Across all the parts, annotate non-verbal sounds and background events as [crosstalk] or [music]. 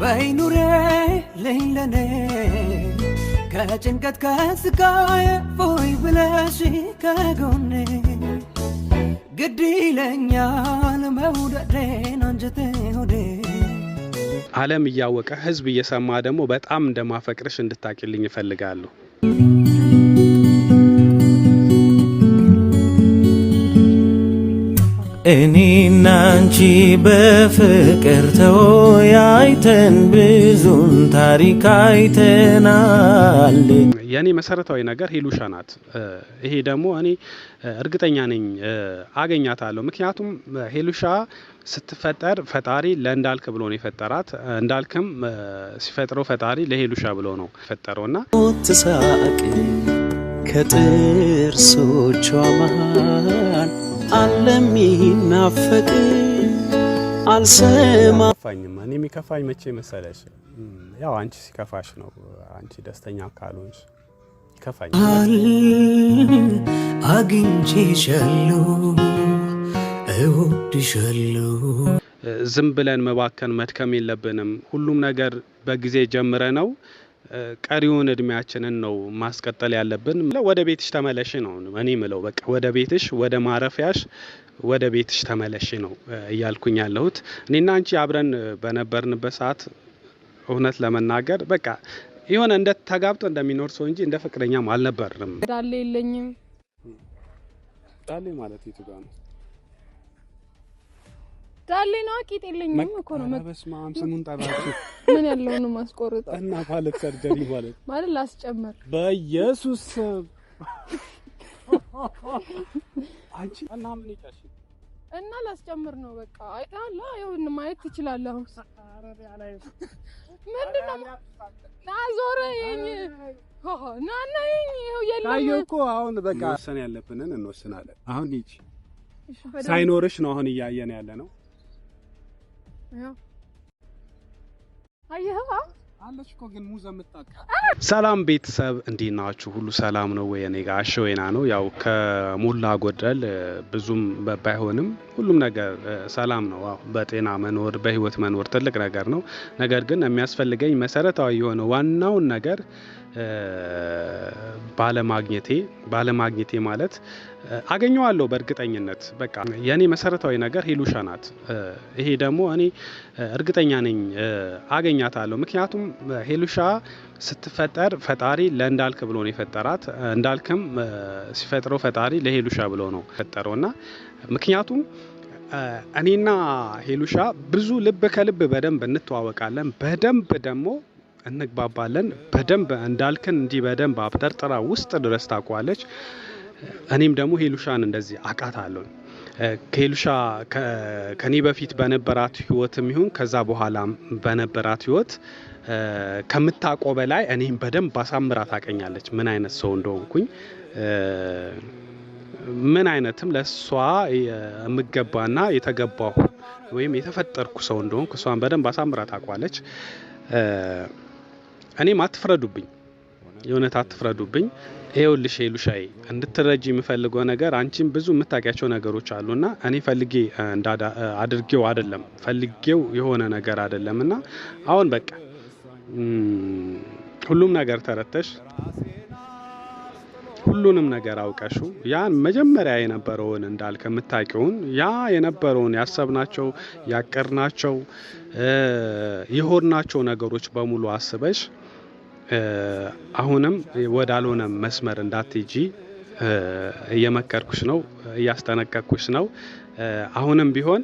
በይኑሬ ልኝ ከጭንቀት ከስቃዬ ፎይ ብለሽ ከጎኔ ግድ ይለኛል መውደዴን አንጀቴ ሆዴ ዓለም እያወቀ ህዝብ እየሰማ ደግሞ በጣም እንደማፈቅርሽ እንድታቂልኝ እፈልጋለሁ። እኔ እናንቺ በፍቅር ተወያይተን ብዙን ታሪክ አይተናል። የእኔ መሰረታዊ ነገር ሄሉሻ ናት። ይሄ ደግሞ እኔ እርግጠኛ ነኝ አገኛታለሁ። ምክንያቱም ሄሉሻ ስትፈጠር ፈጣሪ ለእንዳልክ ብሎ ነው የፈጠራት። እንዳልክም ሲፈጥረው ፈጣሪ ለሄሉሻ ብሎ ነው ና ትሳቅ ከጥርሶቿ መሃል ዓለም ይናፈቅ አልሰማ ከፋኝማ እኔ የሚከፋኝ መቼ መሰለሽ? ያው አንቺ ሲከፋሽ ነው። አንቺ ደስተኛ ካልሆንሽ ይከፋኝ። አግኝቼሻለሁ፣ እወድሻለሁ። ዝም ብለን መባከን መድከም የለብንም። ሁሉም ነገር በጊዜ ጀምረ ነው ቀሪውን እድሜያችንን ነው ማስቀጠል ያለብን። ወደ ቤትሽ ተመለሽ ነው እኔ ምለው። በቃ ወደ ቤትሽ፣ ወደ ማረፊያሽ፣ ወደ ቤትሽ ተመለሽ ነው እያልኩኝ ያለሁት። እኔና አንቺ አብረን በነበርንበት ሰዓት እውነት ለመናገር በቃ የሆነ እንደ ተጋብጦ እንደሚኖር ሰው እንጂ እንደ ፍቅረኛም አልነበርንም። ዳሌ የለኝም። ዳሌ ማለት የቱ ነው? ዳሌ ነው አቂጥ የለኝም እኮ ነው። በስመ አብ ስሙን ጠራችሁ። [laughs] ምን ያለው ነው ማስቆርጠው እና ማለት ሰርጀሪ ማለት ማለት ላስጨምር። በኢየሱስ አንቺ እና ምን ይጫሽ እና ላስጨምር ነው በቃ። አይታላ ይሁን ማየት ትችላለህ። ምንድን ነው ና ዞር ይኝ ና ና ይኝ ይኸው የለም ታየው እኮ አሁን በቃ ወሰን ያለብንን እንወስናለን። አሁን ይቺ ሳይኖርሽ ነው አሁን እያየን ያለ ነው ሰላም ቤተሰብ እንዴት ናችሁ? ሁሉ ሰላም ነው ወይ? እኔ ጋር ሸወና ነው። ያው ከሞላ ጎደል ብዙም ባይሆንም ሁሉም ነገር ሰላም ነው። በጤና መኖር በህይወት መኖር ትልቅ ነገር ነው። ነገር ግን የሚያስፈልገኝ መሰረታዊ የሆነ ዋናውን ነገር ባለማግኘቴ ባለማግኘቴ ማለት አገኘዋለሁ በእርግጠኝነት በቃ የእኔ መሰረታዊ ነገር ሄሉሻ ናት። ይሄ ደግሞ እኔ እርግጠኛ ነኝ አገኛታለሁ። ምክንያቱም ሄሉሻ ስትፈጠር ፈጣሪ ለእንዳልክ ብሎ ነው የፈጠራት። እንዳልክም ሲፈጥረው ፈጣሪ ለሄሉሻ ብሎ ነው ፈጠረው እና ምክንያቱም እኔና ሄሉሻ ብዙ ልብ ከልብ በደንብ እንተዋወቃለን፣ በደንብ ደግሞ እንግባባለን። በደንብ እንዳልክን እንዲህ በደንብ አብጠርጥራ ውስጥ ድረስ ታውቋለች። እኔም ደግሞ ሄሉሻን እንደዚህ አውቃታለሁ። ከሄሉሻ ከኔ በፊት በነበራት ህይወትም ይሁን ከዛ በኋላ በነበራት ህይወት ከምታውቀው በላይ እኔም በደንብ አሳምራ ታውቀኛለች ምን አይነት ሰው እንደሆንኩኝ ምን አይነትም ለእሷ የምገባና የተገባሁ ወይም የተፈጠርኩ ሰው እንደሆንኩ እሷን በደንብ አሳምራ ታውቋለች። እኔም አትፍረዱብኝ፣ የእውነት አትፍረዱብኝ። ይኸውልሽ ሄሉሻዬ እንድትረጂ የምፈልገው ነገር አንቺም ብዙ የምታውቂያቸው ነገሮች አሉና እኔ ፈልጌ አድርጌው አይደለም ፈልጌው የሆነ ነገር አይደለም እና አሁን በቃ ሁሉም ነገር ተረተሽ ሁሉንም ነገር አውቀሹ ያን መጀመሪያ የነበረውን እንዳልክ የምታውቂውን ያ የነበረውን ያሰብናቸው ያቀርናቸው የሆድናቸው ነገሮች በሙሉ አስበሽ አሁንም ወዳልሆነ መስመር እንዳትጂ እየመከርኩሽ ነው፣ እያስጠነቀቅኩሽ ነው። አሁንም ቢሆን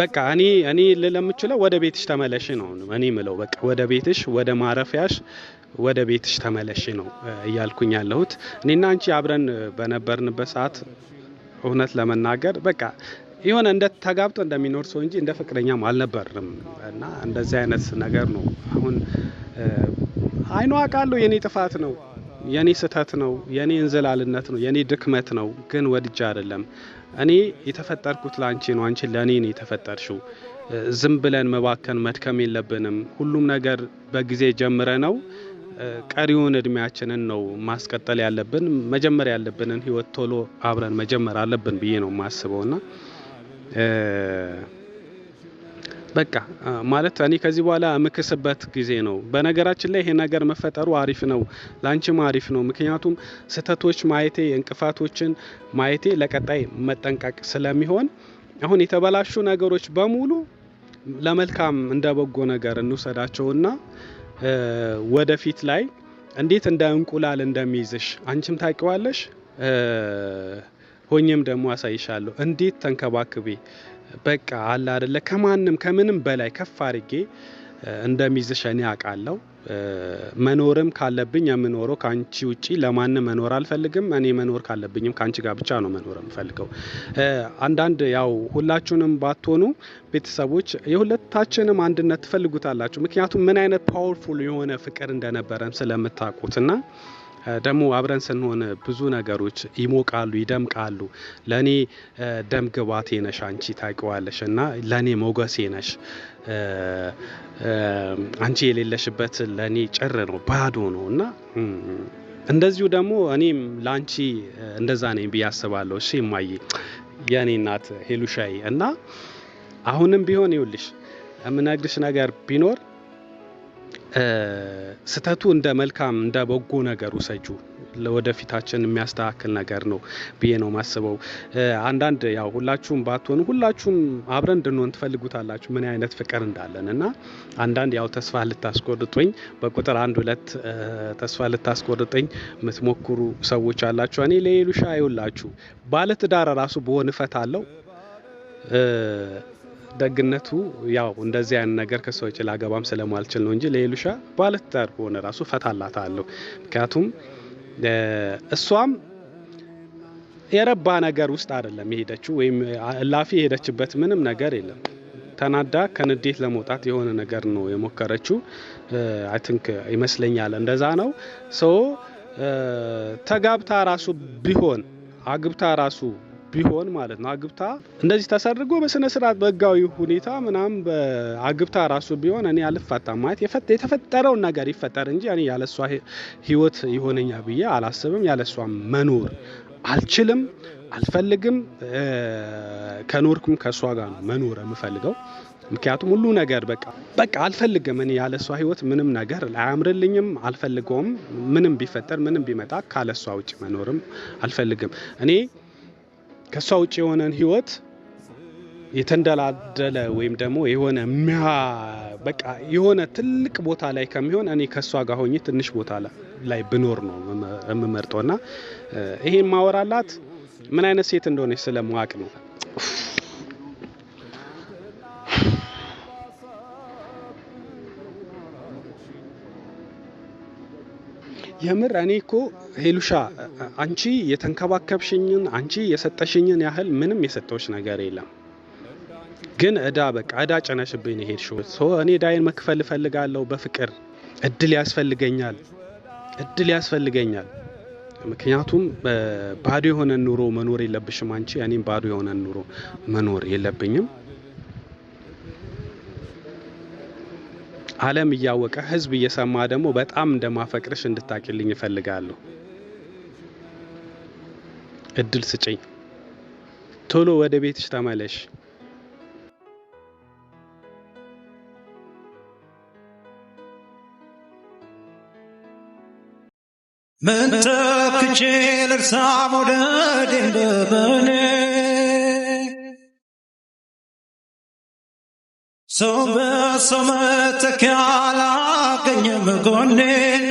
በቃ እኔ እኔ ለምችለው ወደ ቤትሽ ተመለሽ ነው እኔ ምለው። በቃ ወደ ቤትሽ፣ ወደ ማረፊያሽ፣ ወደ ቤትሽ ተመለሽ ነው እያልኩኝ ያለሁት። እኔና አንቺ አብረን በነበርንበት ሰዓት እውነት ለመናገር በቃ የሆነ እንደ ተጋብቶ እንደሚኖር ሰው እንጂ እንደ ፍቅረኛም አልነበርንም እና እንደዚህ አይነት ነገር ነው አሁን አይኗ የኔ ጥፋት ነው የኔ ስህተት ነው፣ የኔ እንዝላልነት ነው፣ የኔ ድክመት ነው። ግን ወድጄ አይደለም እኔ የተፈጠርኩት ለአንቺ ነው፣ አንቺ ለእኔ ነው የተፈጠርሽው። ዝም ብለን መባከን መድከም የለብንም። ሁሉም ነገር በጊዜ ጀምረ ነው ቀሪውን እድሜያችንን ነው ማስቀጠል ያለብን። መጀመር ያለብንን ህይወት ቶሎ አብረን መጀመር አለብን ብዬ ነው የማስበውና በቃ ማለት እኔ ከዚህ በኋላ የምክስበት ጊዜ ነው። በነገራችን ላይ ይሄ ነገር መፈጠሩ አሪፍ ነው፣ ላንቺም አሪፍ ነው። ምክንያቱም ስህተቶች ማየቴ እንቅፋቶችን ማየቴ ለቀጣይ መጠንቀቅ ስለሚሆን አሁን የተበላሹ ነገሮች በሙሉ ለመልካም እንደ በጎ ነገር እንውሰዳቸውና ወደፊት ላይ እንዴት እንደ እንቁላል እንደሚይዝሽ አንቺም ታውቂዋለሽ ሆኜም ደግሞ አሳይሻለሁ እንዴት ተንከባክቤ በቃ አለ አይደለ ከማንም ከምንም በላይ ከፍ አድርጌ እንደሚይዝሽ እኔ አውቃለሁ። መኖርም ካለብኝ የምኖረው ከአንቺ ውጪ ለማንም መኖር አልፈልግም። እኔ መኖር ካለብኝም ከአንቺ ጋር ብቻ ነው መኖር የምፈልገው። አንዳንድ ያው ሁላችሁንም ባትሆኑ ቤተሰቦች የሁለታችንም አንድነት ትፈልጉታላችሁ። ምክንያቱም ምን አይነት ፓወርፉል የሆነ ፍቅር እንደነበረም ስለምታውቁትና ደግሞ አብረን ስንሆን ብዙ ነገሮች ይሞቃሉ፣ ይደምቃሉ። ለእኔ ደም ግባቴ ነሽ አንቺ ታውቂዋለሽ እና ለእኔ ሞገሴ ነሽ። አንቺ የሌለሽበት ለእኔ ጭር ነው፣ ባዶ ነው እና እንደዚሁ ደግሞ እኔም ለአንቺ እንደዛ ነኝ ብዬ አስባለሁ። እሺ እማዬ፣ የእኔ እናት ሄሉሻዬ እና አሁንም ቢሆን ይኸውልሽ የምነግርሽ ነገር ቢኖር ስህተቱ እንደ መልካም እንደ በጎ ነገር ውሰጁ። ለወደፊታችን የሚያስተካክል ነገር ነው ብዬ ነው ማስበው። አንዳንድ ያው ሁላችሁም ባትሆኑ ሁላችሁም አብረን እንድንሆን ትፈልጉታላችሁ ምን አይነት ፍቅር እንዳለን እና አንዳንድ ያው ተስፋ ልታስቆርጡኝ በቁጥር አንድ ሁለት ተስፋ ልታስቆርጡኝ የምትሞክሩ ሰዎች አላችሁ። እኔ ለሌሉሻ ይሁላችሁ ባለትዳር ራሱ በሆን እፈታለሁ ደግነቱ ያው እንደዚህ አይነት ነገር ከሰዎች ላገባም ስለማልችል ነው እንጂ ለኤሉሻ ባለትዳር ሆነ ራሱ ፈታላታለሁ። ምክንያቱም እሷም የረባ ነገር ውስጥ አይደለም የሄደችው ወይም እላፊ የሄደችበት ምንም ነገር የለም። ተናዳ ከንዴት ለመውጣት የሆነ ነገር ነው የሞከረችው። አይ ቲንክ ይመስለኛል እንደዛ ነው። ሶ ተጋብታ ራሱ ቢሆን አግብታ ራሱ ቢሆን ማለት ነው አግብታ እንደዚህ ተሰርጎ በስነ ስርዓት በህጋዊ ሁኔታ ምናም አግብታ ራሱ ቢሆን እኔ አልፋታ ማለት የተፈጠረው ነገር ይፈጠር እንጂ እኔ ያለሷ ህይወት ይሆነኛ ብዬ አላስብም። ያለሷ መኖር አልችልም፣ አልፈልግም። ከኖርኩም ከእሷ ጋር ነው መኖር የምፈልገው። ምክንያቱም ሁሉ ነገር በቃ በቃ አልፈልግም። እኔ ያለሷ ህይወት ምንም ነገር አያምርልኝም፣ አልፈልገውም። ምንም ቢፈጠር ምንም ቢመጣ ካለሷ ውጭ መኖርም አልፈልግም እኔ ከእሷ ውጭ የሆነን ህይወት የተንደላደለ ወይም ደግሞ የሆነ በቃ የሆነ ትልቅ ቦታ ላይ ከሚሆን እኔ ከእሷ ጋር ሆኜ ትንሽ ቦታ ላይ ብኖር ነው የምመርጠው ና ይሄን ማወራላት ምን አይነት ሴት እንደሆነች ስለማወቅ ነው። የምር እኔ እኮ ሄሉሻ አንቺ የተንከባከብሽኝን አንቺ የሰጠሽኝን ያህል ምንም የሰጠውሽ ነገር የለም። ግን እዳ በቃ እዳ ጭነሽብኝ ነው ሄድሽ። እኔ ዳይን መክፈል እፈልጋለሁ። በፍቅር እድል ያስፈልገኛል፣ እድል ያስፈልገኛል። ምክንያቱም ባዶ የሆነ ኑሮ መኖር የለብሽም አንቺ። እኔም ባዶ የሆነ ኑሮ መኖር የለብኝም። ዓለም እያወቀ ህዝብ እየሰማ ደግሞ በጣም እንደማፈቅርሽ እንድታቂልኝ እፈልጋለሁ። እድል ስጪኝ። ቶሎ ወደ ቤትሽ ተመለሽ። ምን ተክቼ ልርሳ መውደዴን በበኔ ሰው በሰው መተኪያ አላገኘም ጎኔን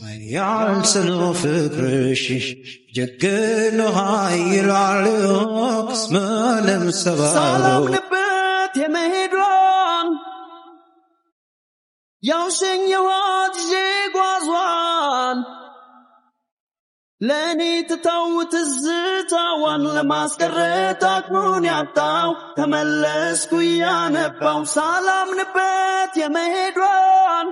ኃያል ስለ ፍቅርሽ ጀግኖ ኃይላል ኦክስ ምንም የመሄዷን ያውሸኘዋት ዤ ጓዟን ለእኔ ትታው ትዝታዋን ለማስቀረት አቅሙን ያጣው ተመለስኩ እያነባው ሳላምንበት የመሄዷን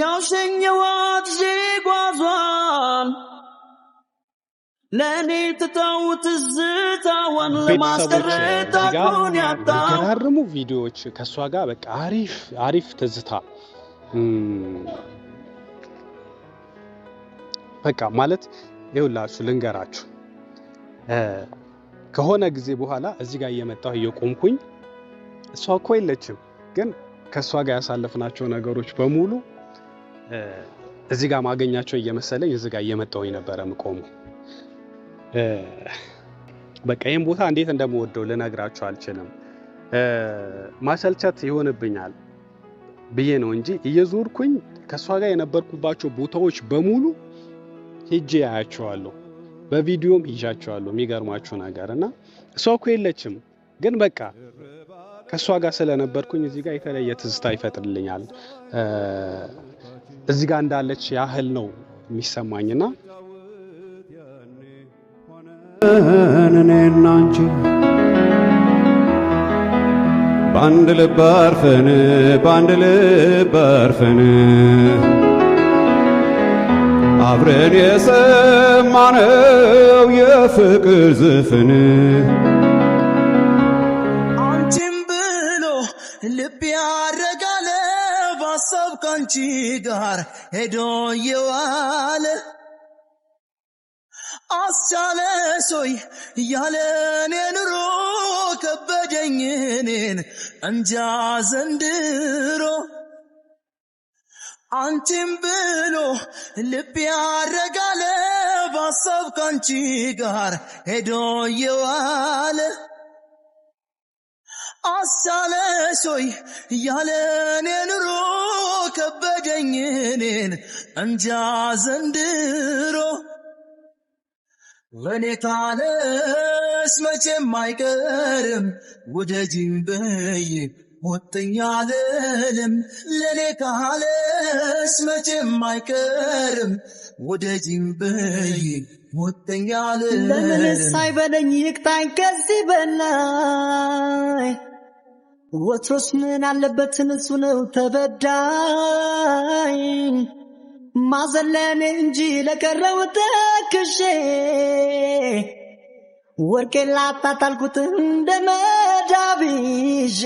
ያውሸኘዋት ዜጓዟን ለእኔ ትታው ትዝታዋን ለማስቀረት አቅሙን ያጣው የተራረሙ ቪዲዮዎች ከእሷ ጋር በቃ አሪፍ አሪፍ ትዝታ በቃ ማለት ይኸውላችሁ ልንገራችሁ ከሆነ ጊዜ በኋላ እዚህ ጋር እየመጣሁ እየቆምኩኝ እሷ እኮ የለችም፣ ግን ከእሷ ጋር ያሳለፍናቸው ነገሮች በሙሉ እዚህ ጋር ማገኛቸው እየመሰለኝ እዚህ ጋር እየመጣሁኝ ነበረ ምቆሙ። በቃ ይህም ቦታ እንዴት እንደምወደው ልነግራችሁ አልችልም። ማሰልቸት ይሆንብኛል ብዬ ነው እንጂ እየዞርኩኝ ከእሷ ጋር የነበርኩባቸው ቦታዎች በሙሉ ሄጄ ያያቸዋለሁ። በቪዲዮም ይዣቸዋለሁ። የሚገርማችሁ ነገር እና እሷ እኮ የለችም፣ ግን በቃ ከእሷ ጋር ስለነበርኩኝ እዚህ ጋር የተለየ ትዝታ ይፈጥርልኛል። እዚህ ጋር እንዳለች ያህል ነው የሚሰማኝና እኔና አንቺ በአንድ ልብ አርፈን በአንድ ልብ አርፈን አብረን የሰማነው የፍቅር ዘፈን አንቺም ብሎ ልብ ያረጋለ ባሰብ ካንቺ ጋር ሄዶ የዋለ አስቻለሶይ ያለኔ ኑሮ ከበደኝኔን እንጃ ዘንድሮ አንቺም ብሎ ልብ ያረጋለ ባሰብ ካንቺ ጋር ሄዶ የዋለ አሳለሶይ ያለኔ ኑሮ ከበደኝ እኔን እንጃ ዘንድሮ ለእኔ ታለስ መቼም አይቀርም ውደጅን በይ ወጥኛ ልልም ለኔ ካለስ መቼም አይቀርም ወደ ጅንበይ ወጥኛ ልልም ለምን አይበለኝ ይቅጣኝ ከዚህ በላይ ወትሮስ ምን አለበት እሱ ነው ተበዳይ ማዘለኔ እንጂ ለቀረው ተክሼ ወርቄ ላጣጣልኩት እንደ መዳብ ይዤ